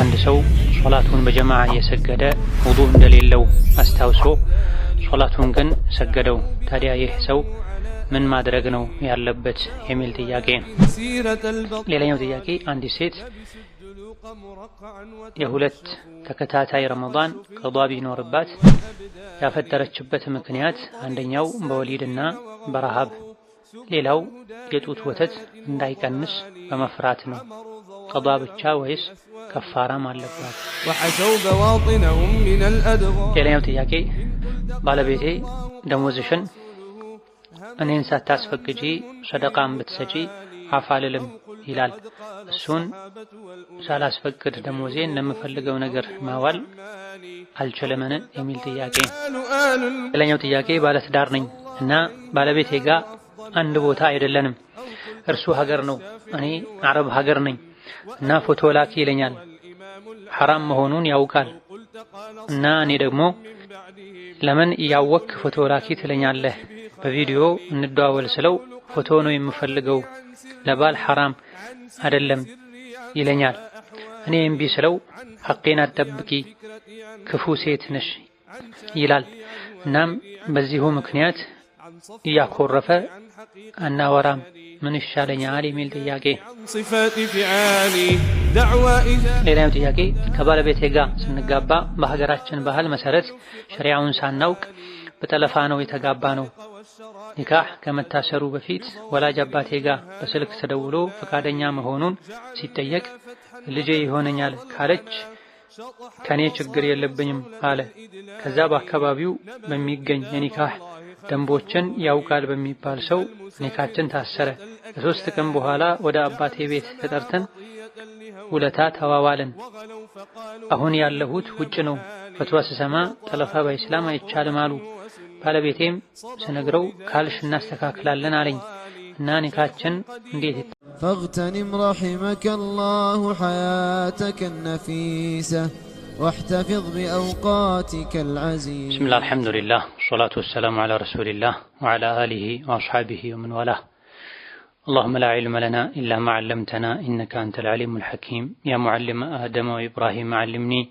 አንድ ሰው ሶላቱን በጀማዓ እየሰገደ ውዱ እንደሌለው አስታውሶ ሶላቱን ግን ሰገደው። ታዲያ ይህ ሰው ምን ማድረግ ነው ያለበት የሚል ጥያቄ ነው። ሌላኛው ጥያቄ አንዲት ሴት የሁለት ተከታታይ ረመዳን ቀዷ ቢኖርባት ያፈጠረችበት ምክንያት አንደኛው በወሊድና በረሃብ ሌላው የጡት ወተት እንዳይቀንስ በመፍራት ነው። ቀዷ ብቻ ወይስ ከፋራም አለባት? ሌላኛው ጥያቄ ባለቤቴ ደሞዝሽን እኔን ሳታስፈቅጂ ሰደቃን ብትሰጪ አፋልልም ይላል። እሱን ሳላስፈቅድ ደሞዜን ለምፈልገው ነገር ማዋል አልችልምን? የሚል ጥያቄ። ሌላኛው ጥያቄ ባለትዳር ነኝ እና ባለቤቴ ጋር አንድ ቦታ አይደለንም። እርሱ ሀገር ነው፣ እኔ አረብ ሀገር ነኝ። እና ፎቶ ላኪ ይለኛል። ሐራም መሆኑን ያውቃል እና እኔ ደግሞ ለምን እያወክ ፎቶ ላኪ ትለኛለህ? በቪዲዮ እንደዋወል ስለው ፎቶ ነው የምፈልገው ለባል ሐራም አይደለም ይለኛል። እኔ እምቢ ስለው ሐቄን አትጠብቂ ክፉ ሴት ነሽ ይላል። እናም በዚሁ ምክንያት እያኮረፈ አናወራም ምን ይሻለኛል የሚል ጥያቄ። ሌላኛው ጥያቄ ከባለቤቴ ጋር ስንጋባ በሀገራችን ባህል መሰረት ሸሪያውን ሳናውቅ በጠለፋ ነው የተጋባ ነው። ኒካህ ከመታሰሩ በፊት ወላጅ አባቴ ጋር በስልክ ተደውሎ ፈቃደኛ መሆኑን ሲጠየቅ ልጄ ይሆነኛል ካለች ከኔ ችግር የለብኝም አለ። ከዛ በአካባቢው በሚገኝ የኒካህ ደንቦችን ያውቃል በሚባል ሰው ኒካችን ታሰረ። ከሶስት ቀን በኋላ ወደ አባቴ ቤት ተጠርተን ውለታ ተዋዋልን። አሁን ያለሁት ውጭ ነው። ፈትዋ ስሰማ ጠለፋ በኢስላም አይቻልም አሉ። ባለቤቴም ስነግረው ካልሽ እናስተካክላለን አለኝ። فاغتنم رحمك الله حياتك النفيسة واحتفظ بأوقاتك العزيزة بسم الله الحمد لله والصلاة والسلام على رسول الله وعلى آله وأصحابه ومن والاه اللهم لا علم لنا إلا ما علمتنا إنك أنت العليم الحكيم يا معلم آدم وإبراهيم علمني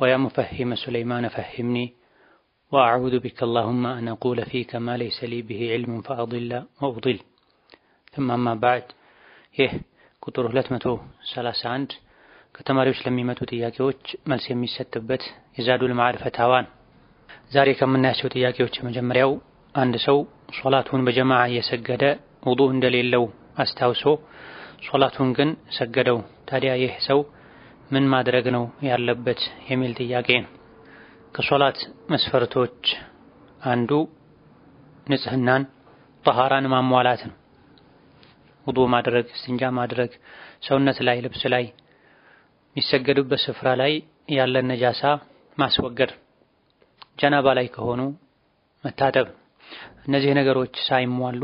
ويا مفهم سليمان فهمني وأعوذ بك اللهم أن أقول فيك ما ليس لي به علم فأضل وأضل እማማ ባዕድ ይህ ቁጥር 231 ከተማሪዎች ለሚመጡ ጥያቄዎች መልስ የሚሰጥበት የዛዱል መዓድ ፈታዋን። ዛሬ ከምናያቸው ጥያቄዎች የመጀመሪያው አንድ ሰው ሶላቱን በጀማዓ እየሰገደ ውጡ እንደሌለው አስታውሶ ሶላቱን ግን ሰገደው። ታዲያ ይህ ሰው ምን ማድረግ ነው ያለበት የሚል ጥያቄ ነው። ከሶላት መስፈርቶች አንዱ ንጽህናን ጠሃራን ማሟላት ነው። ውዱ ማድረግ፣ እስትንጃ ማድረግ፣ ሰውነት ላይ ልብስ ላይ የሚሰገዱበት ስፍራ ላይ ያለን ነጃሳ ማስወገድ፣ ጀናባ ላይ ከሆኑ መታጠብ። እነዚህ ነገሮች ሳይሟሉ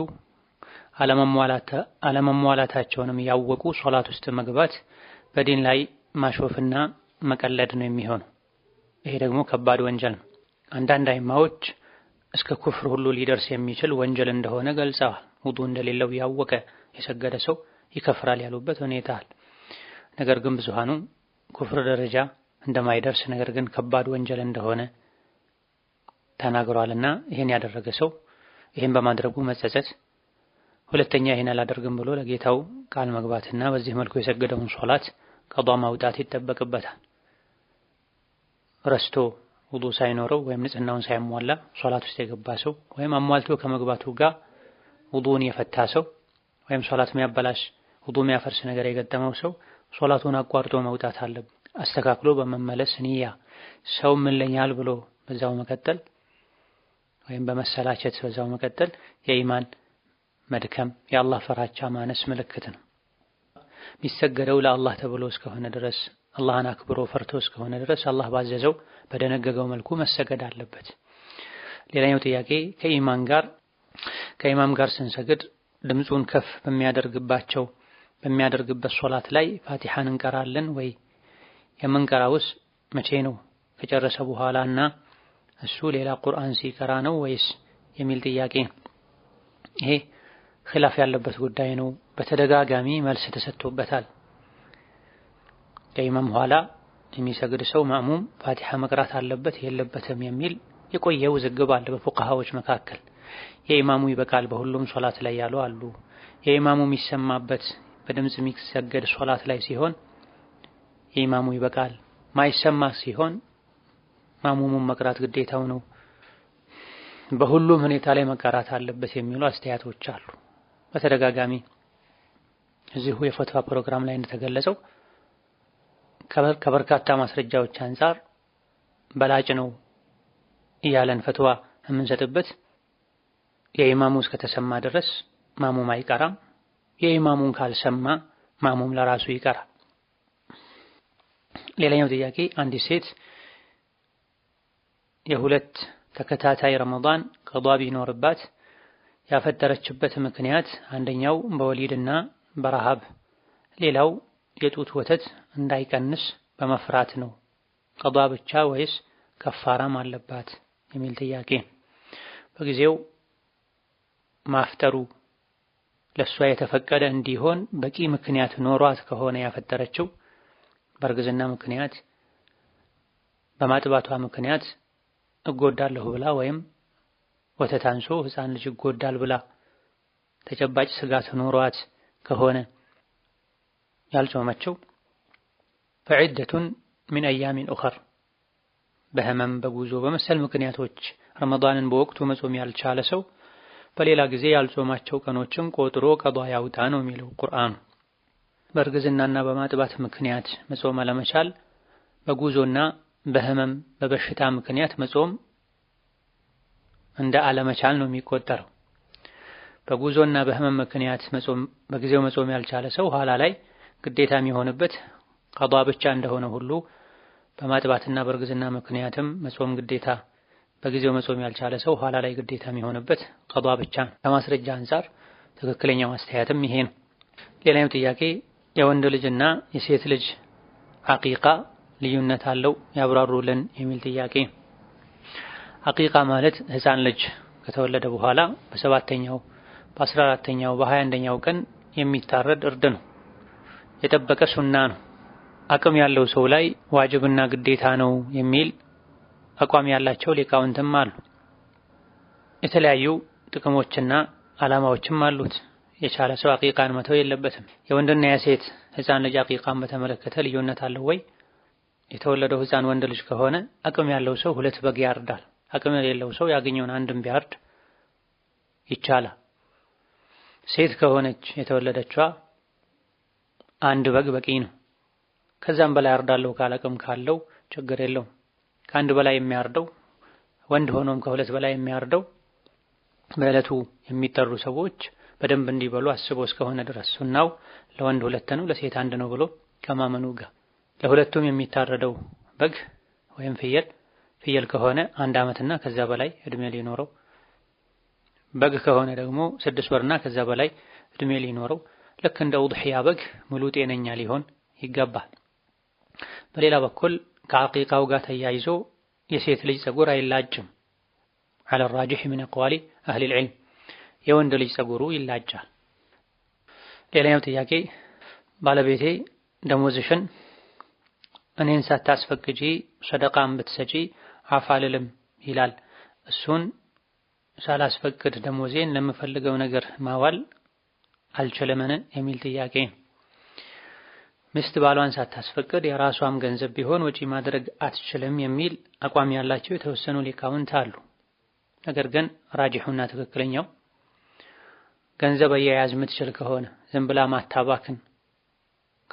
አለመሟላታቸውንም ያወቁ ሶላት ውስጥ መግባት በዲን ላይ ማሾፍና መቀለድ ነው የሚሆነው። ይሄ ደግሞ ከባድ ወንጀል ነው። አንዳንድ አይማዎች እስከ ኩፍር ሁሉ ሊደርስ የሚችል ወንጀል እንደሆነ ገልጸዋል። ውዱ እንደሌለው ያወቀ የሰገደ ሰው ይከፍራል ያሉበት ሁኔታ አለ። ነገር ግን ብዙሃኑ ኩፍር ደረጃ እንደማይደርስ ነገር ግን ከባድ ወንጀል እንደሆነ ተናግሯልና ይህን ያደረገ ሰው ይህን በማድረጉ መጸጸት፣ ሁለተኛ ይሄን አላደርግም ብሎ ለጌታው ቃል መግባትና በዚህ መልኩ የሰገደውን ሶላት ቀዷ ማውጣት ይጠበቅበታል። ረስቶ ውዱ ሳይኖረው ወይም ንጽህናውን ሳያሟላ ሶላት ውስጥ የገባ ሰው ወይም አሟልቶ ከመግባቱ ጋር ውዱን የፈታ ሰው ወይም ሶላት የሚያበላሽ ውዱ የሚያፈርስ ነገር የገጠመው ሰው ሶላቱን አቋርጦ መውጣት አለብ። አስተካክሎ በመመለስ ንያ ሰው ምለኛል ብሎ በዛው መቀጠል ወይም በመሰላቸት በዛው መቀጠል የኢማን መድከም የአላህ ፍራቻ ማነስ ምልክት ነው። የሚሰገደው ለአላህ ተብሎ እስከሆነ ድረስ አላህን አክብሮ ፈርቶ እስከሆነ ድረስ አላህ ባዘዘው በደነገገው መልኩ መሰገድ አለበት። ሌላኛው ጥያቄ ከኢማም ጋር ከኢማም ጋር ስንሰግድ ድምፁን ከፍ በሚያደርግባቸው በሚያደርግበት ሶላት ላይ ፋቲሓን እንቀራለን ወይ? የምንቀራውስ መቼ ነው? ከጨረሰ በኋላ እና እሱ ሌላ ቁርአን ሲቀራ ነው ወይስ የሚል ጥያቄ። ይሄ ኺላፍ ያለበት ጉዳይ ነው። በተደጋጋሚ መልስ ተሰጥቶበታል። ከኢማም ኋላ የሚሰግድ ሰው ማእሙም ፋቲሓ መቅራት አለበት የለበትም የሚል የቆየ ውዝግብ አለ በፉቃሃዎች መካከል። የኢማሙ ይበቃል በሁሉም ሶላት ላይ ያሉ አሉ። የኢማሙ የሚሰማበት በድምፅ የሚሰገድ ሶላት ላይ ሲሆን የኢማሙ ይበቃል ማይሰማ ሲሆን ማሙሙን መቅራት ግዴታው ነው። በሁሉም ሁኔታ ላይ መቀራት አለበት የሚሉ አስተያየቶች አሉ። በተደጋጋሚ እዚሁ የፈትዋ ፕሮግራም ላይ እንደተገለጸው ከበርካታ ማስረጃዎች አንጻር በላጭ ነው እያለን ፈትዋ የምንሰጥበት የኢማሙ እስከተሰማ ድረስ ማሙም አይቀራም። የኢማሙን ካልሰማ ማሙም ለራሱ ይቀራል። ሌላኛው ጥያቄ አንዲት ሴት የሁለት ተከታታይ ረመዳን ቀዷ ቢኖርባት ያፈጠረችበት ምክንያት አንደኛው በወሊድና በረሃብ ሌላው የጡት ወተት እንዳይቀንስ በመፍራት ነው። ቀዷ ብቻ ወይስ ከፋራም አለባት የሚል ጥያቄ በጊዜው ማፍጠሩ ለእሷ የተፈቀደ እንዲሆን በቂ ምክንያት ኖሯት ከሆነ ያፈጠረችው በእርግዝና ምክንያት በማጥባቷ ምክንያት እጎዳለሁ ብላ ወይም ወተት አንሶ ሕፃን ልጅ እጎዳል ብላ ተጨባጭ ስጋት ኖሯት ከሆነ ያልጾመችው ፈዒደቱን ሚን አያሚን ኡኸር በህመም፣ በጉዞ፣ በመሰል ምክንያቶች ረመዳንን በወቅቱ መጾም ያልቻለ ሰው በሌላ ጊዜ ያልጾማቸው ቀኖችን ቆጥሮ ቀዷ ያውጣ ነው የሚለው ቁርአኑ። በእርግዝናና በማጥባት ምክንያት መጾም አለመቻል፣ በጉዞና በህመም በበሽታ ምክንያት መጾም እንደ አለመቻል ነው የሚቆጠረው። በጉዞና በህመም ምክንያት መጾም በጊዜው መጾም ያልቻለ ሰው ኋላ ላይ ግዴታ የሚሆንበት ቀዷ ብቻ እንደሆነ ሁሉ በማጥባትና በእርግዝና ምክንያትም መጾም ግዴታ በጊዜው መጾም ያልቻለ ሰው ኋላ ላይ ግዴታ የሚሆንበት ቀዷ ብቻ ነው። ከማስረጃ አንጻር ትክክለኛው አስተያየትም ይሄ ነው። ሌላኛው ጥያቄ የወንድ ልጅና የሴት ልጅ አቂቃ ልዩነት አለው ያብራሩልን የሚል ጥያቄ። አቂቃ ማለት ህፃን ልጅ ከተወለደ በኋላ በሰባተኛው በአስራ አራተኛው በሀያ አንደኛው ቀን የሚታረድ እርድ ነው። የጠበቀ ሱና ነው። አቅም ያለው ሰው ላይ ዋጅብና ግዴታ ነው የሚል አቋም ያላቸው ሊቃውንትም አሉ። የተለያዩ ጥቅሞችና ዓላማዎችም አሉት። የቻለ ሰው አቂቃን መተው የለበትም። የወንድና የሴት ህፃን ልጅ አቂቃን በተመለከተ ልዩነት አለው ወይ? የተወለደው ህፃን ወንድ ልጅ ከሆነ አቅም ያለው ሰው ሁለት በግ ያርዳል። አቅም የሌለው ሰው ያገኘውን አንድም ቢያርድ ይቻላል። ሴት ከሆነች የተወለደችዋ አንድ በግ በቂ ነው። ከዛም በላይ አርዳለሁ ካለ አቅም ካለው ችግር የለውም። ከአንድ በላይ የሚያርደው ወንድ ሆኖም ከሁለት በላይ የሚያርደው በዕለቱ የሚጠሩ ሰዎች በደንብ እንዲበሉ አስቦ እስከሆነ ድረስ ሱናው ለወንድ ሁለት ነው ለሴት አንድ ነው ብሎ ከማመኑ ጋር ለሁለቱም የሚታረደው በግ ወይም ፍየል ፍየል ከሆነ አንድ ዓመትና ከዛ በላይ እድሜ ሊኖረው፣ በግ ከሆነ ደግሞ ስድስት ወርና ከዛ በላይ እድሜ ሊኖረው ልክ እንደ ውድሕያ በግ ሙሉ ጤነኛ ሊሆን ይገባል። በሌላ በኩል ከአቂቃው ጋር ተያይዞ የሴት ልጅ ጸጉር አይላጭም። አለ ራጅሕ ምን አቅዋሊ አህሊል ልዕልም የወንድ ልጅ ጸጉሩ ይላጫል። ሌላኛው ጥያቄ ባለቤቴ ደሞዝሽን እኔን ሳታስፈቅጂ ሰደቃን ብትሰጪ አፋልልም ይላል። እሱን ሳላስፈቅድ ደሞዜን ለምፈልገው ነገር ማዋል አልችልምን የሚል ጥያቄ ሚስት ባሏን ሳታስፈቅድ የራሷም ገንዘብ ቢሆን ወጪ ማድረግ አትችልም የሚል አቋም ያላቸው የተወሰኑ ሊቃውንት አሉ። ነገር ግን ራጅሑና ትክክለኛው ገንዘብ አያያዝ የምትችል ከሆነ ዝም ብላ ማታባክን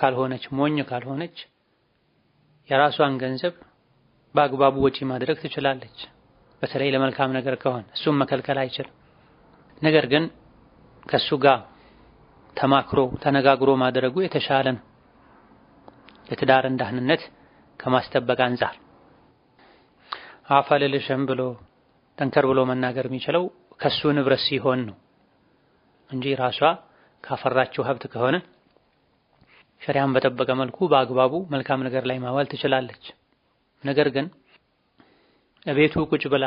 ካልሆነች፣ ሞኝ ካልሆነች የራሷን ገንዘብ በአግባቡ ወጪ ማድረግ ትችላለች። በተለይ ለመልካም ነገር ከሆነ እሱም መከልከል አይችልም። ነገር ግን ከሱ ጋር ተማክሮ ተነጋግሮ ማድረጉ የተሻለ ነው። የትዳርን ደህንነት ከማስጠበቅ አንጻር አፍ ብሎ ጠንከር ብሎ መናገር የሚችለው ከሱ ንብረት ሲሆን ነው እንጂ ራሷ ካፈራችው ሀብት ከሆነ ሸሪያን በጠበቀ መልኩ በአግባቡ መልካም ነገር ላይ ማዋል ትችላለች። ነገር ግን እቤቱ ቁጭ ብላ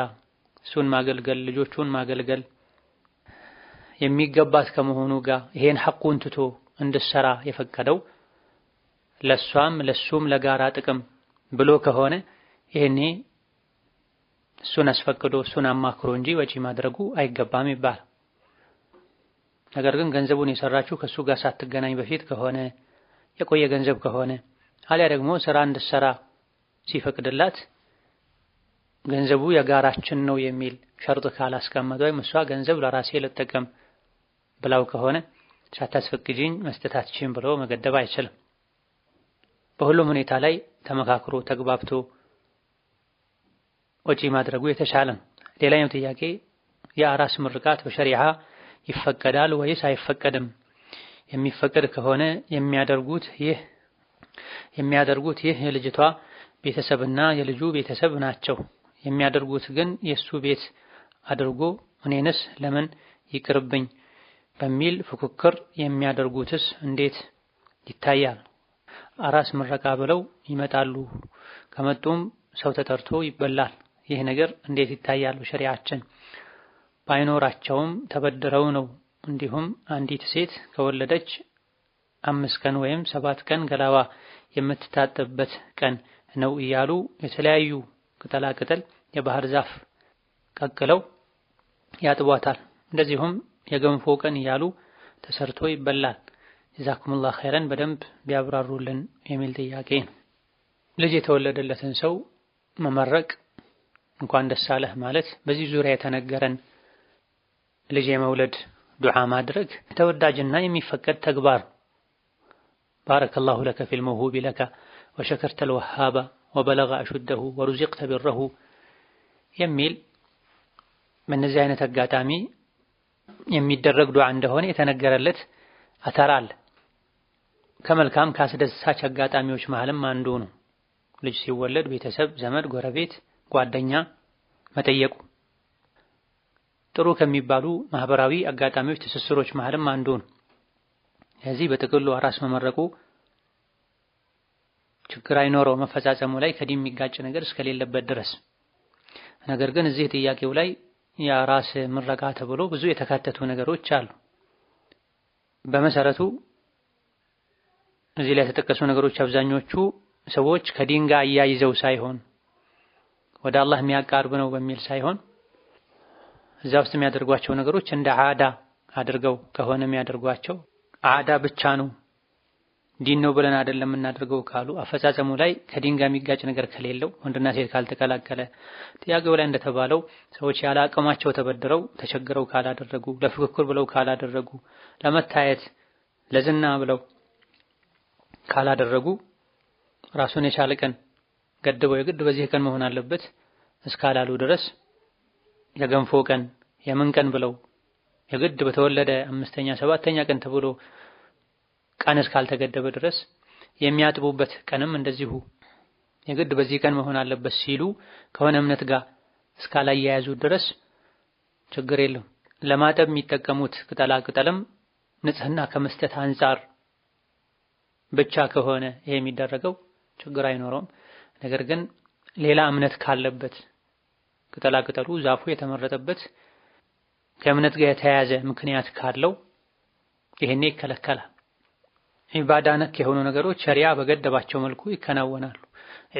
እሱን ማገልገል፣ ልጆቹን ማገልገል የሚገባት ከመሆኑ ጋር ይሄን ሐቁን ትቶ እንድሰራ የፈቀደው ለሷም ለሱም ለጋራ ጥቅም ብሎ ከሆነ ይሄኔ እሱን አስፈቅዶ እሱን አማክሮ እንጂ ወጪ ማድረጉ አይገባም ይባል። ነገር ግን ገንዘቡን የሰራችው ከሱ ጋር ሳትገናኝ በፊት ከሆነ የቆየ ገንዘብ ከሆነ አሊያ ደግሞ ስራ እንድትሰራ ሲፈቅድላት ገንዘቡ የጋራችን ነው የሚል ሸርጥ ካላስቀመጠ ወይም እሷ ገንዘብ ለራሴ ልጠቀም ብላው ከሆነ ሳታስፈቅጂኝ መስጠታችን ብሎ መገደብ አይችልም። በሁሉም ሁኔታ ላይ ተመካክሮ ተግባብቶ ወጪ ማድረጉ የተሻለ ነው። ሌላኛው ጥያቄ የአራስ ምርቃት በሸሪዓ ይፈቀዳል ወይስ አይፈቀድም? የሚፈቀድ ከሆነ የሚያደርጉት ይህ የሚያደርጉት ይህ የልጅቷ ቤተሰብና የልጁ ቤተሰብ ናቸው። የሚያደርጉት ግን የእሱ ቤት አድርጎ እኔንስ ለምን ይቅርብኝ በሚል ፉክክር የሚያደርጉትስ እንዴት ይታያል? አራስ ምረቃ ብለው ይመጣሉ። ከመጡም ሰው ተጠርቶ ይበላል። ይህ ነገር እንዴት ይታያል በሸሪያችን? ባይኖራቸውም ተበድረው ነው። እንዲሁም አንዲት ሴት ከወለደች አምስት ቀን ወይም ሰባት ቀን ገላዋ የምትታጠብበት ቀን ነው እያሉ የተለያዩ ቅጠላ ቅጠል የባህር ዛፍ ቀቅለው ያጥቧታል። እንደዚሁም የገንፎ ቀን እያሉ ተሰርቶ ይበላል። ጀዛኩሙላህ ኸይረን በደንብ ቢያብራሩልን የሚል ጥያቄ ነው። ልጅ የተወለደለትን ሰው መመረቅ እንኳን ደስ አለህ ማለት በዚህ ዙሪያ የተነገረን ልጅ የመውለድ ዱዓ ማድረግ ተወዳጅና የሚፈቀድ ተግባር ባረከላሁ ለከ ፊል መውሁቢ ለከ ወሸከርተል ወሃባ ወበለገ አሹደሁ ወሩዚቅተ ቢረሁ የሚል በእነዚህ አይነት አጋጣሚ የሚደረግ ዱዓ እንደሆነ የተነገረለት አተራል ከመልካም ካስደሳች አጋጣሚዎች መሀልም አንዱ ነው። ልጅ ሲወለድ ቤተሰብ፣ ዘመድ፣ ጎረቤት፣ ጓደኛ መጠየቁ ጥሩ ከሚባሉ ማህበራዊ አጋጣሚዎች፣ ትስስሮች መሀልም አንዱ ነው። ለዚህ በጥቅሉ አራስ መመረቁ ችግር አይኖረው መፈጻጸሙ ላይ ከዲን የሚጋጭ ነገር እስከሌለበት ድረስ። ነገር ግን እዚህ ጥያቄው ላይ የአራስ ምረቃ ተብሎ ብዙ የተካተቱ ነገሮች አሉ። በመሰረቱ እዚህ ላይ የተጠቀሱ ነገሮች አብዛኞቹ ሰዎች ከዲን ጋር አያይዘው ሳይሆን ወደ አላህ የሚያቃርብ ነው በሚል ሳይሆን እዛ ውስጥ የሚያደርጓቸው ነገሮች እንደ አዳ አድርገው ከሆነ የሚያደርጓቸው አዳ ብቻ ነው ዲን ነው ብለን አይደለም የምናደርገው ካሉ አፈጻጸሙ ላይ ከዲን ጋር የሚጋጭ ነገር ከሌለው ወንድና ሴት ካልተቀላቀለ ጥያቄው ላይ እንደተባለው ሰዎች ያለ አቅማቸው ተበድረው ተቸግረው ካላደረጉ ለፍክክር ብለው ካላደረጉ ለመታየት ለዝና ብለው ካላደረጉ ራሱን የቻለ ቀን ገድበው የግድ በዚህ ቀን መሆን አለበት እስካላሉ ድረስ የገንፎ ቀን የምን ቀን ብለው የግድ በተወለደ አምስተኛ ሰባተኛ ቀን ተብሎ ቀን እስካልተገደበ ድረስ የሚያጥቡበት ቀንም እንደዚሁ የግድ በዚህ ቀን መሆን አለበት ሲሉ ከሆነ እምነት ጋር እስካላያያዙ ድረስ ችግር የለም። ለማጠብ የሚጠቀሙት ቅጠላ ቅጠልም ንጽህና ከመስጠት አንጻር ብቻ ከሆነ ይሄ የሚደረገው ችግር አይኖረውም። ነገር ግን ሌላ እምነት ካለበት ቅጠላ ቅጠሉ ዛፉ የተመረጠበት ከእምነት ጋር የተያያዘ ምክንያት ካለው ይሄኔ ይከለከላል። ዒባዳ ነክ የሆኑ ነገሮች ሸሪያ በገደባቸው መልኩ ይከናወናሉ።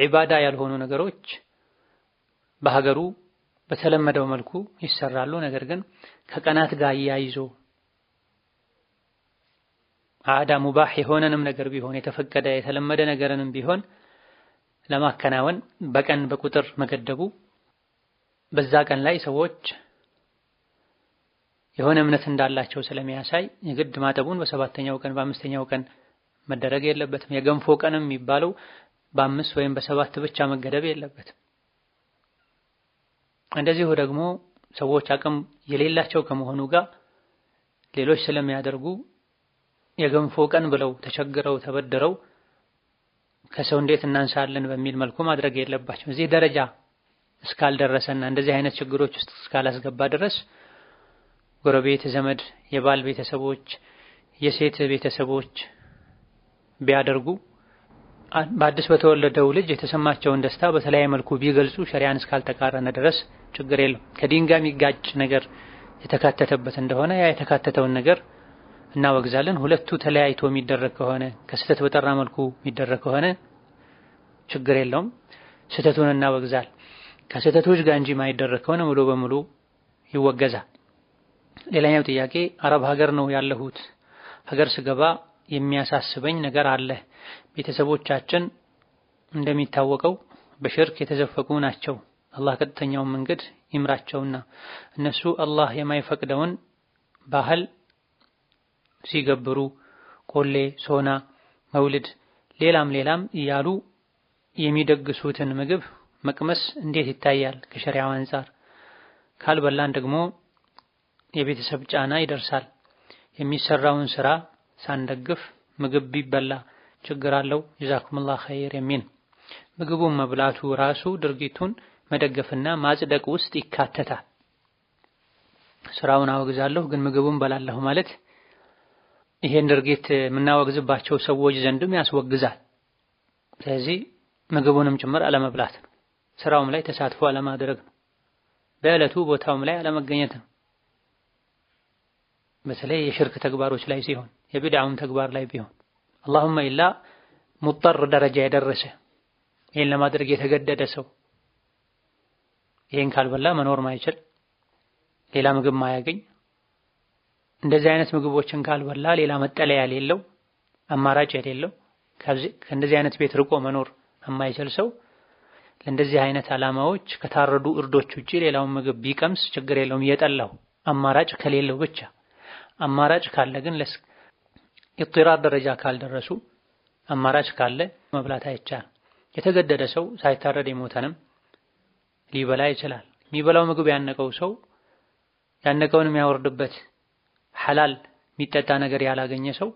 ዒባዳ ያልሆኑ ነገሮች በሀገሩ በተለመደው መልኩ ይሰራሉ። ነገር ግን ከቀናት ጋር አያይዞ አዳ ሙባህ የሆነንም ነገር ቢሆን የተፈቀደ የተለመደ ነገርንም ቢሆን ለማከናወን በቀን በቁጥር መገደቡ በዛ ቀን ላይ ሰዎች የሆነ እምነት እንዳላቸው ስለሚያሳይ የግድ ማጠቡን በሰባተኛው ቀን በአምስተኛው ቀን መደረግ የለበትም። የገንፎ ቀንም የሚባለው በአምስት ወይም በሰባት ብቻ መገደብ የለበትም። እንደዚሁ ደግሞ ሰዎች አቅም የሌላቸው ከመሆኑ ጋር ሌሎች ስለሚያደርጉ የገንፎ ቀን ብለው ተቸግረው ተበድረው ከሰው እንዴት እናንሳለን በሚል መልኩ ማድረግ የለባቸው። እዚህ ደረጃ እስካልደረሰና እንደዚህ አይነት ችግሮች ውስጥ እስካላስገባ ድረስ ጎረቤት፣ ዘመድ፣ የባል ቤተሰቦች፣ የሴት ቤተሰቦች ቢያደርጉ በአዲስ በተወለደው ልጅ የተሰማቸውን ደስታ በተለያየ መልኩ ቢገልጹ ሸሪያን እስካልተቃረነ ድረስ ችግር የለም። ከዲን ጋር የሚጋጭ ነገር የተካተተበት እንደሆነ ያ የተካተተውን ነገር እናወግዛለን። ሁለቱ ተለያይቶ የሚደረግ ከሆነ ከስህተት በጠራ መልኩ የሚደረግ ከሆነ ችግር የለውም፣ ስህተቱን እናወግዛል። ከስህተቶች ጋር እንጂ ማይደረግ ከሆነ ሙሉ በሙሉ ይወገዛል። ሌላኛው ጥያቄ አረብ ሀገር ነው ያለሁት። ሀገር ስገባ የሚያሳስበኝ ነገር አለ። ቤተሰቦቻችን እንደሚታወቀው በሽርክ የተዘፈቁ ናቸው። አላህ ቀጥተኛውን መንገድ ይምራቸውና እነሱ አላህ የማይፈቅደውን ባህል ሲገብሩ ቆሌ፣ ሶና፣ መውልድ ሌላም ሌላም እያሉ የሚደግሱትን ምግብ መቅመስ እንዴት ይታያል ከሸሪያው አንጻር? ካልበላን ደግሞ የቤተሰብ ጫና ይደርሳል። የሚሰራውን ስራ ሳንደግፍ ምግብ ቢበላ ችግር አለው? ጀዛኩሙላህ ኸይር የሚል ምግቡን መብላቱ ራሱ ድርጊቱን መደገፍና ማጽደቅ ውስጥ ይካተታል። ስራውን አወግዛለሁ ግን ምግቡን በላለሁ ማለት ይሄን ድርጊት የምናወግዝባቸው ሰዎች ዘንድም ያስወግዛል። ስለዚህ ምግቡንም ጭምር አለመብላት ነው። ስራውም ላይ ተሳትፎ አለማድረግ ነው። በዕለቱ ቦታውም ላይ አለመገኘት ነው። በተለይ የሽርክ ተግባሮች ላይ ሲሆን የብድዓውም ተግባር ላይ ቢሆን አላሁመ ኢላ ሙጠር ደረጃ የደረሰ ይህን ለማድረግ የተገደደ ሰው ይህን ካልበላ መኖር ማይችል ሌላ ምግብ ማያገኝ እንደዚህ አይነት ምግቦችን ካልበላ ሌላ መጠለያ የሌለው አማራጭ የሌለው ከእንደዚህ አይነት ቤት ርቆ መኖር የማይችል ሰው ለእንደዚህ አይነት ዓላማዎች ከታረዱ እርዶች ውጪ ሌላውን ምግብ ቢቀምስ ችግር የለውም። እየጠላው አማራጭ ከሌለው ብቻ አማራጭ ካለ ግን ለስ ኢጥራር ደረጃ ካልደረሱ አማራጭ ካለ መብላት አይቻል። የተገደደ ሰው ሳይታረድ የሞተንም ሊበላ ይችላል። የሚበላው ምግብ ያነቀው ሰው ያነቀውን የሚያወርድበት ሐላል የሚጠጣ ነገር ያላገኘ ሰው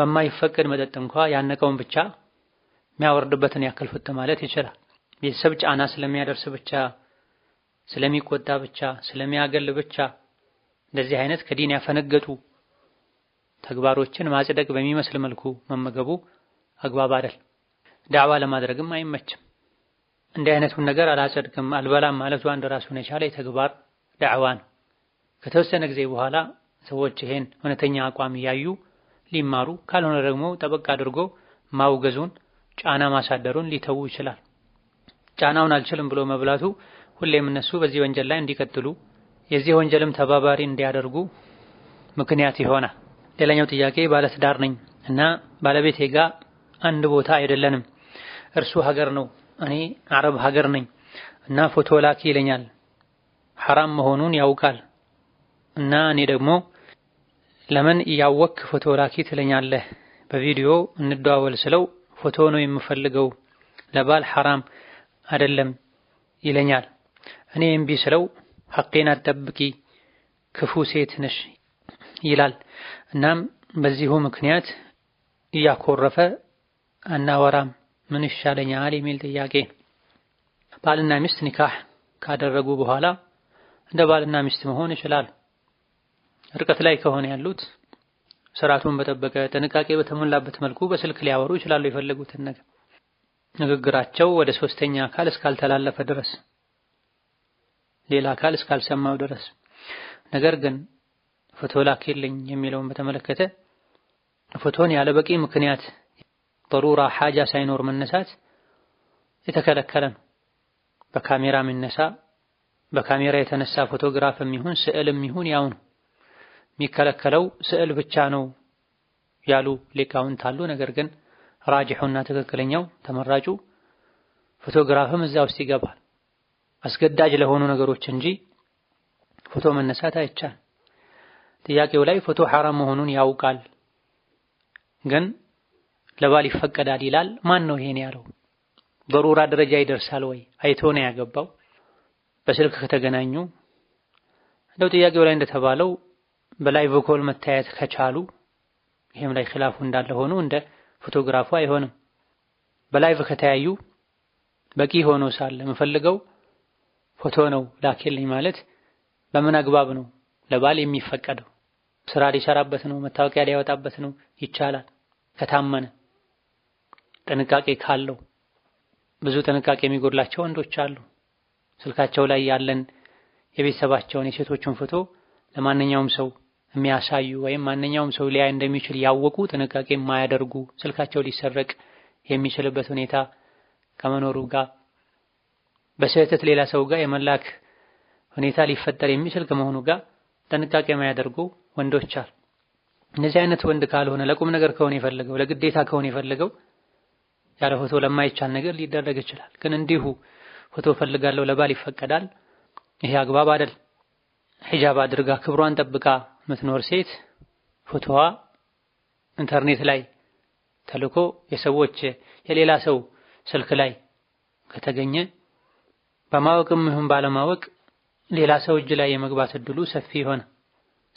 በማይፈቀድ መጠጥ እንኳ ያነቀውን ብቻ የሚያወርድበትን ያክል ፍት ማለት ይችላል። ቤተሰብ ጫና ስለሚያደርስ ብቻ፣ ስለሚቆጣ ብቻ፣ ስለሚያገል ብቻ እንደዚህ አይነት ከዲን ያፈነገጡ ተግባሮችን ማጽደቅ በሚመስል መልኩ መመገቡ አግባብ አይደል። ዳዕዋ ለማድረግም አይመችም። እንዲህ አይነቱን ነገር አላጸድቅም አልበላም ማለቱ አንድ ራሱን የቻለ የተግባር ዳዕዋ ነው። ከተወሰነ ጊዜ በኋላ ሰዎች ይሄን እውነተኛ አቋም እያዩ ሊማሩ ካልሆነ ደግሞ ጠበቅ አድርጎ ማውገዙን ጫና ማሳደሩን ሊተዉ ይችላል። ጫናውን አልችልም ብሎ መብላቱ ሁሌም እነሱ በዚህ ወንጀል ላይ እንዲቀጥሉ የዚህ ወንጀልም ተባባሪ እንዲያደርጉ ምክንያት ይሆናል። ሌላኛው ጥያቄ ባለትዳር ነኝ እና ባለቤቴ ጋር አንድ ቦታ አይደለንም። እርሱ ሀገር ነው፣ እኔ አረብ ሀገር ነኝ እና ፎቶ ላኪ ይለኛል። ሐራም መሆኑን ያውቃል እና እኔ ደግሞ ለምን እያወክ ፎቶ ላኪ ትለኛለህ? በቪዲዮ እንደዋወል ስለው ፎቶ ነው የምፈልገው ለባል ሐራም አይደለም ይለኛል። እኔ እምቢ ስለው ሐቄን አትጠብቂ ክፉ ሴት ነሽ ይላል። እናም በዚሁ ምክንያት እያኮረፈ አናወራም ምን ይሻለኛል የሚል ጥያቄ። ባልና ሚስት ኒካህ ካደረጉ በኋላ እንደ ባልና ሚስት መሆን ይችላል። ርቀት ላይ ከሆነ ያሉት ስርዓቱን በጠበቀ ጥንቃቄ በተሞላበት መልኩ በስልክ ሊያወሩ ይችላሉ። የፈለጉትን ነገር ንግግራቸው ወደ ሶስተኛ አካል እስካልተላለፈ ድረስ ሌላ አካል እስካልሰማው ድረስ። ነገር ግን ፎቶ ላኪልኝ የሚለውን በተመለከተ ፎቶን ያለ በቂ ምክንያት ጠሩራ ሐጃ ሳይኖር መነሳት የተከለከለ ነው። በካሜራ የሚነሳ በካሜራ የተነሳ ፎቶግራፍም ይሁን ስዕልም ይሁን ያው ነው። የሚከለከለው ስዕል ብቻ ነው ያሉ ሊቃውንት አሉ። ነገር ግን ራጅሑና ትክክለኛው ተመራጩ ፎቶግራፍም እዛ ውስጥ ይገባል፣ አስገዳጅ ለሆኑ ነገሮች እንጂ ፎቶ መነሳት አይቻል። ጥያቄው ላይ ፎቶ ሐራም መሆኑን ያውቃል፣ ግን ለባል ይፈቀዳል ይላል። ማን ነው ይሄን ያለው? በሩራ ደረጃ ይደርሳል ወይ? አይቶ ነው ያገባው? በስልክ ከተገናኙ እንደው ጥያቄው ላይ እንደተባለው በላይቭ ኮል መታየት ከቻሉ ይህም ላይ ኺላፉ እንዳለ ሆኖ እንደ ፎቶግራፉ አይሆንም። በላይቭ ከተያዩ በቂ ሆኖ ሳለ የምፈልገው ፎቶ ነው ላኬልኝ ማለት በምን አግባብ ነው ለባል የሚፈቀደው? ስራ ሊሰራበት ነው፣ መታወቂያ ሊያወጣበት ነው፣ ይቻላል ከታመነ ጥንቃቄ ካለው። ብዙ ጥንቃቄ የሚጎድላቸው ወንዶች አሉ። ስልካቸው ላይ ያለን የቤተሰባቸውን የሴቶችን ፎቶ ለማንኛውም ሰው የሚያሳዩ ወይም ማንኛውም ሰው ሊያይ እንደሚችል ያወቁ ጥንቃቄ የማያደርጉ ስልካቸው ሊሰረቅ የሚችልበት ሁኔታ ከመኖሩ ጋር በስህተት ሌላ ሰው ጋር የመላክ ሁኔታ ሊፈጠር የሚችል ከመሆኑ ጋር ጥንቃቄ የማያደርጉ ወንዶች አሉ። እነዚህ አይነት ወንድ ካልሆነ ለቁም ነገር ከሆነ የፈለገው ለግዴታ ከሆነ የፈለገው ያለ ፎቶ ለማይቻል ነገር ሊደረግ ይችላል። ግን እንዲሁ ፎቶ ፈልጋለሁ ለባል ይፈቀዳል። ይሄ አግባብ አይደል። ሂጃብ አድርጋ ክብሯን ጠብቃ ምትኖር ሴት ፎቶዋ ኢንተርኔት ላይ ተልኮ የሰዎች የሌላ ሰው ስልክ ላይ ከተገኘ በማወቅም ይሁን ባለማወቅ ሌላ ሰው እጅ ላይ የመግባት እድሉ ሰፊ ይሆነ።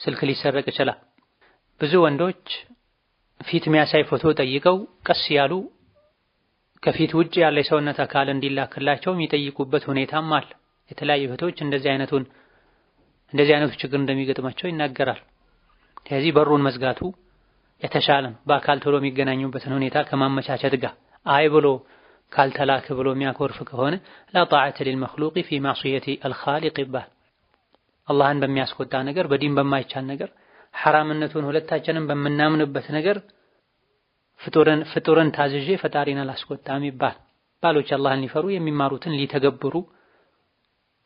ስልክ ሊሰረቅ ይችላል። ብዙ ወንዶች ፊት የሚያሳይ ፎቶ ጠይቀው ቀስ ያሉ ከፊት ውጭ ያለ የሰውነት አካል እንዲላክላቸው የሚጠይቁበት ሁኔታም አለ። የተለያዩ እህቶች እንደዚህ አይነቱን እንደዚህ አይነቱ ችግር እንደሚገጥማቸው ይናገራል። ስለዚህ በሩን መዝጋቱ የተሻለ ነው። በአካል ቶሎ የሚገናኙበትን ሁኔታ ከማመቻቸት ጋር አይ ብሎ ካልተላክ ብሎ የሚያኮርፍ ከሆነ ላ ጣዓተ ሊልመክሉቅ ፊ ማዕስየቲ አልኻሊቅ ይባል። አላህን በሚያስቆጣ ነገር፣ በዲን በማይቻል ነገር፣ ሐራምነቱን ሁለታችንም በምናምንበት ነገር ፍጡርን ፍጡርን ታዝዤ ፈጣሪን አላስቆጣም ይባል። ባሎች አላህን ሊፈሩ የሚማሩትን ሊተገብሩ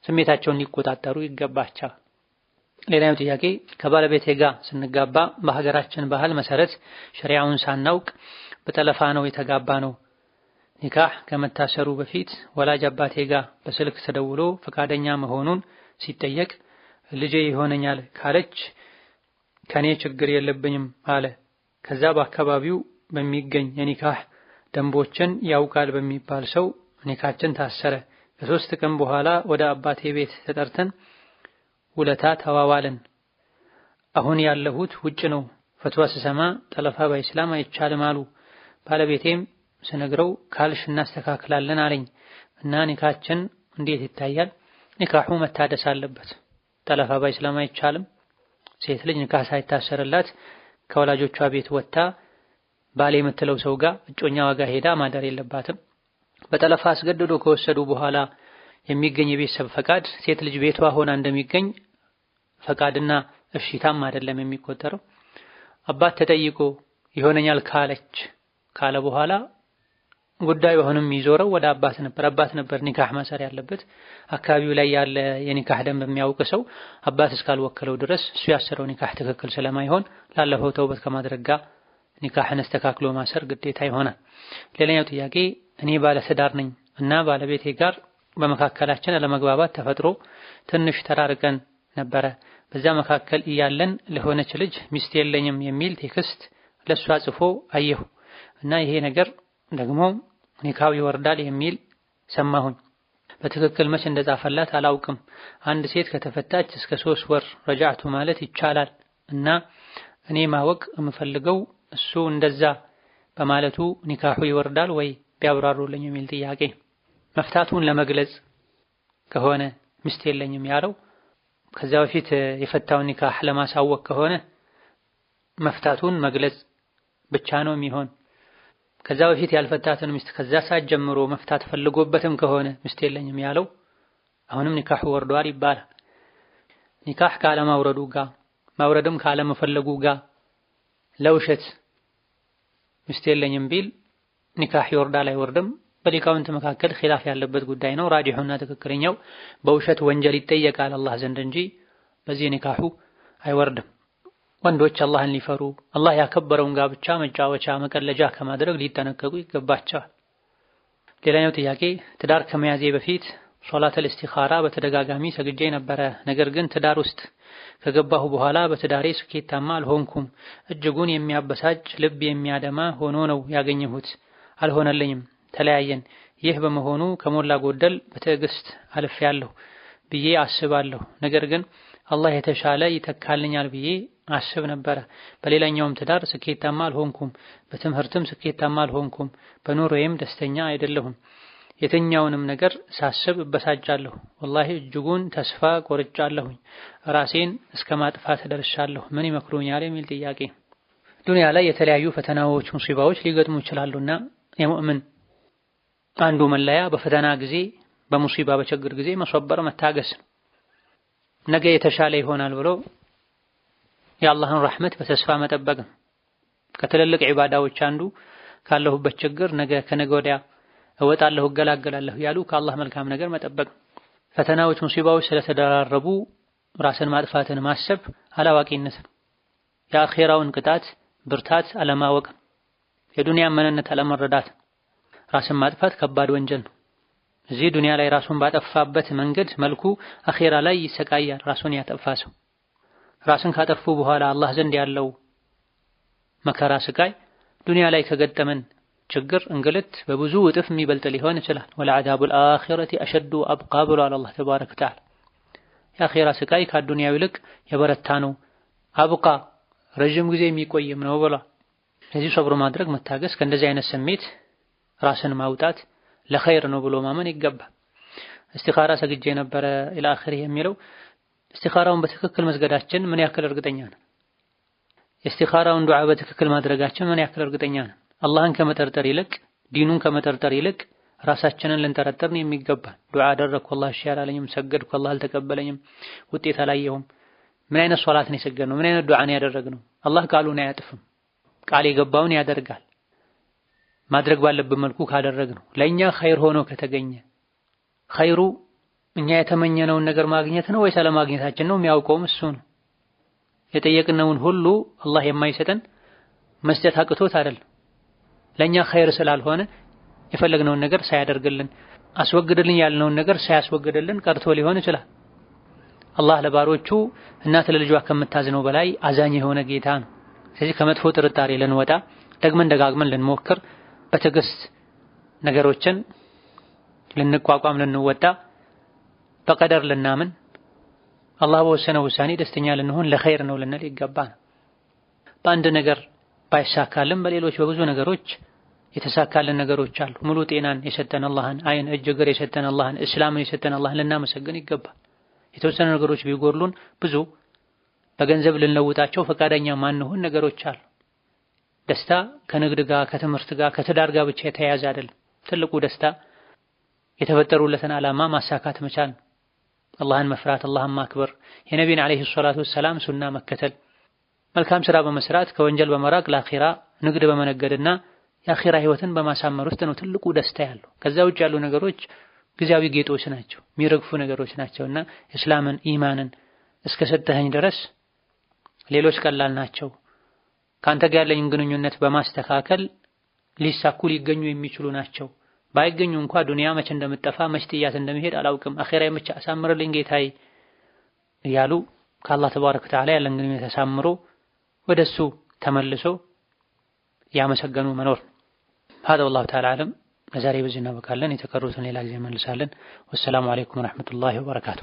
ስሜታቸውን ሊቆጣጠሩ ይገባቸዋል። ሌላኛው ጥያቄ ከባለቤቴ ጋር ስንጋባ በሀገራችን ባህል መሰረት ሸሪያውን ሳናውቅ በጠለፋ ነው የተጋባ ነው። ኒካህ ከመታሰሩ በፊት ወላጅ አባቴ ጋር በስልክ ተደውሎ ፈቃደኛ መሆኑን ሲጠየቅ ልጄ ይሆነኛል ካለች ከኔ ችግር የለብኝም አለ። ከዛ በአካባቢው በሚገኝ የኒካህ ደንቦችን ያውቃል በሚባል ሰው ኒካችን ታሰረ። ከሶስት ቀን በኋላ ወደ አባቴ ቤት ተጠርተን ውለታ ተዋዋልን። አሁን ያለሁት ውጭ ነው። ፈትዋ ስሰማ ጠለፋ በኢስላም አይቻልም አሉ። ባለቤቴም ስነግረው ካልሽ እናስተካክላለን አለኝ እና ኒካችን እንዴት ይታያል? ኒካሁ መታደስ አለበት። ጠለፋ በኢስላም አይቻልም። ሴት ልጅ ኒካህ ሳይታሰርላት ከወላጆቿ ቤት ወጥታ ባሌ የምትለው ሰው ጋር እጮኛ ዋጋ ሄዳ ማደር የለባትም። በጠለፋ አስገድዶ ከወሰዱ በኋላ የሚገኝ የቤተሰብ ፈቃድ ሴት ልጅ ቤቷ ሆና እንደሚገኝ ፈቃድና እሺታም አይደለም የሚቆጠረው። አባት ተጠይቆ ይሆነኛል ካለች ካለ በኋላ ጉዳዩ አሁንም የሚዞረው ወደ አባት ነበር። አባት ነበር ኒካህ ማሰር ያለበት። አካባቢው ላይ ያለ የኒካህ ደንብ የሚያውቅ ሰው አባት እስካልወከለው ድረስ እሱ ያሰረው ኒካህ ትክክል ስለማይሆን ላለፈው ተውበት ከማድረግ ጋር ኒካህን አስተካክሎ ማሰር ግዴታ ይሆናል። ሌላኛው ጥያቄ እኔ ባለ ትዳር ነኝ እና ባለቤቴ ጋር በመካከላችን አለመግባባት ተፈጥሮ ትንሽ ተራርቀን ነበረ። በዛ መካከል እያለን ለሆነች ልጅ ሚስት የለኝም የሚል ቴክስት ለሷ ጽፎ አየሁ እና ይሄ ነገር ደግሞ ኒካው ይወርዳል የሚል ሰማሁኝ። በትክክል መች እንደጻፈላት አላውቅም። አንድ ሴት ከተፈታች እስከ ሶስት ወር ረጃዕቱ ማለት ይቻላል እና እኔ ማወቅ የምፈልገው እሱ እንደዛ በማለቱ ኒካሁ ይወርዳል ወይ ቢያብራሩልኝ የሚል ጥያቄ መፍታቱን ለመግለጽ ከሆነ ሚስት የለኝም ያለው ከዚያ በፊት የፈታውን ኒካህ ለማሳወቅ ከሆነ መፍታቱን መግለጽ ብቻ ነው የሚሆን። ከዛ በፊት ያልፈታትን ሚስት ከዛ ሰዓት ጀምሮ መፍታት ፈልጎበትም ከሆነ ሚስት የለኝም ያለው አሁንም ኒካህ ወርዷል ይባላል። ኒካህ ካለማውረዱ ጋር ማውረድም ካለመፈለጉ ጋር ለውሸት ሚስት የለኝም ቢል ኒካህ ይወርዳል አይወርድም? በሊቃውንት መካከል ኺላፍ ያለበት ጉዳይ ነው። ራዲሑና ትክክለኛው በውሸት ወንጀል ይጠየቃል አላህ ዘንድ እንጂ በዚህ ኒካሑ አይወርድም። ወንዶች አላህን ሊፈሩ አላህ ያከበረውን ጋብቻ መጫወቻ መቀለጃ ከማድረግ ሊጠነቀቁ ይገባቸዋል። ሌላኛው ጥያቄ ትዳር ከመያዜ በፊት ሶላተል ኢስቲኻራ በተደጋጋሚ ሰግጄ ነበረ። ነገር ግን ትዳር ውስጥ ከገባሁ በኋላ በትዳሬ ስኬታማ አልሆንኩም። እጅጉን የሚያበሳጭ ልብ የሚያደማ ሆኖ ነው ያገኘሁት። አልሆነልኝም ተለያየን። ይህ በመሆኑ ከሞላ ጎደል በትዕግስት አልፌያለሁ ብዬ አስባለሁ። ነገር ግን አላህ የተሻለ ይተካልኛል ብዬ አስብ ነበረ። በሌላኛውም ትዳር ስኬታማ አልሆንኩም፣ በትምህርትም ስኬታማ አልሆንኩም፣ በኑሮዬም ደስተኛ አይደለሁም። የትኛውንም ነገር ሳስብ እበሳጫለሁ። ወላሂ እጅጉን ተስፋ ቆርጫለሁኝ። ራሴን እስከ ማጥፋት ደርሻለሁ። ምን ይመክሩኛል? የሚል ጥያቄ። ዱንያ ላይ የተለያዩ ፈተናዎች፣ ሙሲባዎች ሊገጥሙ ይችላሉና የሙእምን አንዱ መለያ በፈተና ጊዜ በሙሲባ በችግር ጊዜ መሰበር መታገስ ነው። ነገ የተሻለ ይሆናል ብሎ የአላህን ረህመት በተስፋ መጠበቅ ነው። ከትልልቅ ዒባዳዎች አንዱ ካለሁበት ችግር ነገ ከነገ ወዲያ እወጣለሁ እገላገላለሁ ያሉ ከአላህ መልካም ነገር መጠበቅ ነው። ፈተናዎች ሙሲባዎች ስለተደራረቡ ራስን ማጥፋትን ማሰብ አላዋቂነት ነው። የአኼራውን ቅጣት ብርታት አለማወቅ ነው። የዱንያን ምንነት አለመረዳት ነው። ራስን ማጥፋት ከባድ ወንጀል ነው። እዚህ ዱንያ ላይ ራሱን ባጠፋበት መንገድ መልኩ አኼራ ላይ ይሰቃያል። ራሱን ያጠፋ ሰው ራስን ካጠፉ በኋላ አላህ ዘንድ ያለው መከራ ስቃይ ዱንያ ላይ ከገጠመን ችግር እንግልት በብዙ እጥፍ የሚበልጥ ሊሆን ይችላል። ወለዐዛቡል አኺረቲ አሸዱ አብቃ ብሏል አላህ ተባረከ ወተዓላ። የአኼራ ስቃይ ከአዱንያው ይልቅ የበረታ ነው። አብቃ ረዥም ጊዜ የሚቆይም ነው ብሏል። ለዚህ ሰብሮ ማድረግ መታገስ ከእንደዚህ አይነት ስሜት ራስን ማውጣት ለኸይር ነው ብሎ ማመን ይገባ እስቲኻራ ሰግጄ ነበረ ኢላ አኺሪ የሚለው እስቲኻራውን በትክክል መስገዳችን ምን ያክል እርግጠኛ ነን? የእስቲኻራውን ዱዓ በትክክል ማድረጋችን ምን ያክል እርግጠኛ ነን? አላህን ከመጠርጠር ይልቅ ዲኑን ከመጠርጠር ይልቅ ራሳችንን ልንጠረጠርን የሚገባ። ዱዓ አደረግኩ አላህ እሺ አላለኝም፣ ሰገድኩ አላህ አልተቀበለኝም፣ ውጤት አላየሁም። ምን አይነት ሶላት ነው የሰገድነው? ምን አይነት ዱዓ ነው ያደረግነው? አላህ ቃሉን አያጥፍም፣ ቃል የገባውን ያደርጋል። ማድረግ ባለብን መልኩ ካደረግ ነው ለእኛ ኸይር ሆኖ ከተገኘ ኸይሩ እኛ የተመኘነውን ነገር ማግኘት ነው ወይስ አለማግኘታችን ነው? የሚያውቀውም እሱ ነው። የጠየቅነውን ሁሉ አላህ የማይሰጠን መስጠት አቅቶት አይደለም። ለእኛ ኸይር ስላልሆነ የፈለግነውን ነገር ሳያደርግልን፣ አስወግድልን ያልነውን ነገር ሳያስወግድልን ቀርቶ ሊሆን ይችላል። አላህ ለባሮቹ እናት ለልጇ ከምታዝነው በላይ አዛኝ የሆነ ጌታ ነው። ስለዚህ ከመጥፎ ጥርጣሬ ልንወጣ ደግመን ደጋግመን ልንሞክር በትዕግስት ነገሮችን ልንቋቋም ልንወጣ በቀደር ልናምን አላህ በወሰነው ውሳኔ ደስተኛ ልንሆን ለኸይር ነው ልንል ይገባ ነው። በአንድ ነገር ባይሳካልን በሌሎች በብዙ ነገሮች የተሳካልን ነገሮች አሉ። ሙሉ ጤናን የሰጠን አላህን፣ አይን እጅ እግር የሰጠን አላህን፣ እስላምን የሰጠን አላህን ልናመሰግን ይገባል። የተወሰኑ ነገሮች ቢጎድሉን ብዙ በገንዘብ ልንለውጣቸው ፈቃደኛ ማንሆን ነገሮች አሉ። ደስታ ከንግድ ጋር፣ ከትምህርት ጋር፣ ከትዳር ጋር ብቻ የተያያዘ አይደለም። ትልቁ ደስታ የተፈጠሩለትን ዓላማ ማሳካት መቻል፣ አላህን መፍራት፣ አላህን ማክበር፣ የነቢን ዓለይሂ ሰላቱ ወሰላም ሱና መከተል፣ መልካም ስራ በመስራት ከወንጀል በመራቅ ለአኺራ ንግድ በመነገድና የአኺራ ህይወትን በማሳመር ውስጥ ነው ትልቁ ደስታ ያለው። ከዛ ውጭ ያሉ ነገሮች ጊዜያዊ ጌጦች ናቸው፣ የሚረግፉ ነገሮች ናቸውና እስላምን ኢማንን እስከ ሰጠኸኝ ድረስ ሌሎች ቀላል ናቸው ከአንተ ጋር ያለኝን ግንኙነት በማስተካከል ሊሳኩ ሊገኙ የሚችሉ ናቸው። ባይገኙ እንኳ ዱንያ መቼ እንደምጠፋ መች ጥያት እንደሚሄድ አላውቅም፣ አኼራዬ መቼ አሳምርልኝ ጌታዬ እያሉ ከአላህ ተባረከ ወተዓላ ያለን ግንኙነት አሳምሮ ወደ እሱ ተመልሶ ያመሰገኑ መኖር። ሀዛ ወላሁ ተዓላ አዕለም። ለዛሬ በዚህ እናበቃለን። የተቀሩትን ሌላ ጊዜ እንመልሳለን። ወሰላሙ አለይኩም ወረሕመቱላሂ ወበረካቱ።